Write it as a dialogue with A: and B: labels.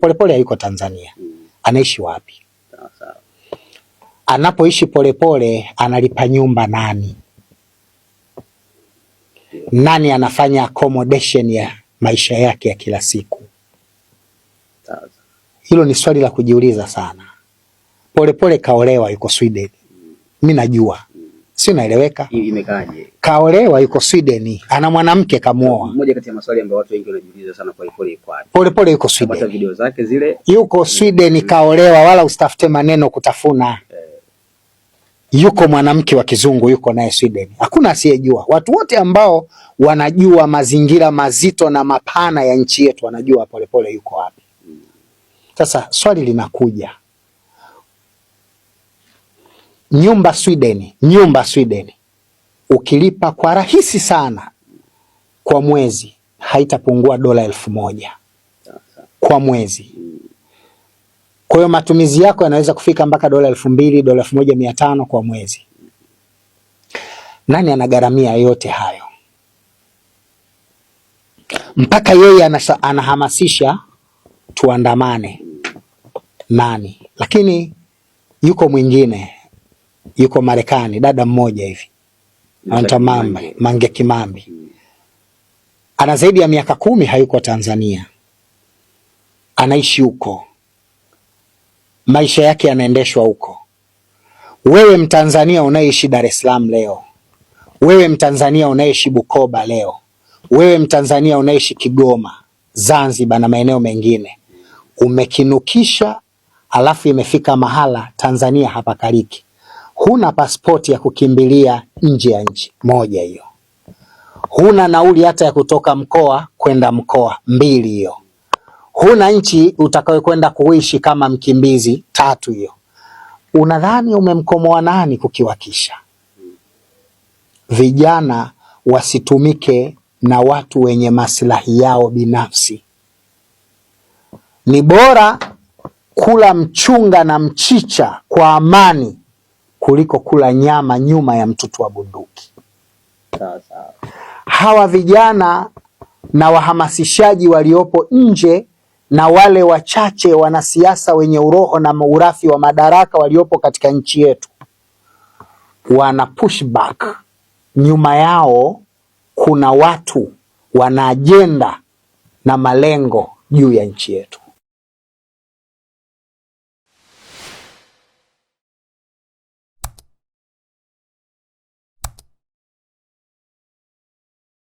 A: Polepole hayuko Tanzania, mm. anaishi wapi? Anapoishi Polepole analipa nyumba nani? Nani anafanya accommodation ya maisha yake ya kila siku? Hilo ni swali la kujiuliza sana. Polepole kaolewa, yuko Sweden, mm. mi najua sinaeleweka.
B: Imekaaje?
A: Kaolewa, yuko Sweden, ana mwanamke kamuoa.
B: Mmoja kati ya maswali ambayo watu wengi wanajiuliza sana, ipole yuko wapi?
A: pole, yuko Sweden.
B: Hata video zake zile.
A: Yuko mm. Sweden, kaolewa, wala usitafute maneno kutafuna eh. yuko mwanamke wa kizungu yuko naye Sweden. Hakuna asiyejua. Watu wote ambao wanajua mazingira mazito na mapana ya nchi yetu wanajua Polepole yuko wapi. Mm. Sasa swali linakuja, nyumba Sweden, nyumba Sweden ukilipa kwa rahisi sana kwa mwezi haitapungua dola elfu moja kwa mwezi. Kwa hiyo matumizi yako yanaweza kufika mpaka dola elfu mbili dola elfu moja mia tano kwa mwezi. Nani anagharamia yote hayo? Mpaka yeye anahamasisha tuandamane. Nani? Lakini yuko mwingine yuko Marekani, dada mmoja hivi anaitwa Mange, Mange Kimambi, hmm. ana zaidi ya miaka kumi hayuko Tanzania, anaishi huko, maisha yake yanaendeshwa huko. Wewe Mtanzania unayeishi Dar es Salaam leo, wewe Mtanzania unayeishi Bukoba leo, wewe Mtanzania unayeishi Kigoma, Zanzibar na maeneo mengine, umekinukisha alafu imefika mahala Tanzania hapakaliki huna pasipoti ya kukimbilia nje ya nchi, moja hiyo. Huna nauli hata ya kutoka mkoa kwenda mkoa, mbili hiyo. Huna nchi utakayokwenda kuishi kama mkimbizi, tatu hiyo. Unadhani umemkomoa nani kukiwakisha? Vijana wasitumike na watu wenye maslahi yao binafsi. Ni bora kula mchunga na mchicha kwa amani kuliko kula nyama nyuma ya mtutu wa bunduki. Hawa vijana na wahamasishaji waliopo nje na wale wachache wanasiasa wenye uroho na urafi wa madaraka waliopo katika nchi yetu wana pushback. Nyuma yao kuna watu wana ajenda na malengo juu ya nchi yetu.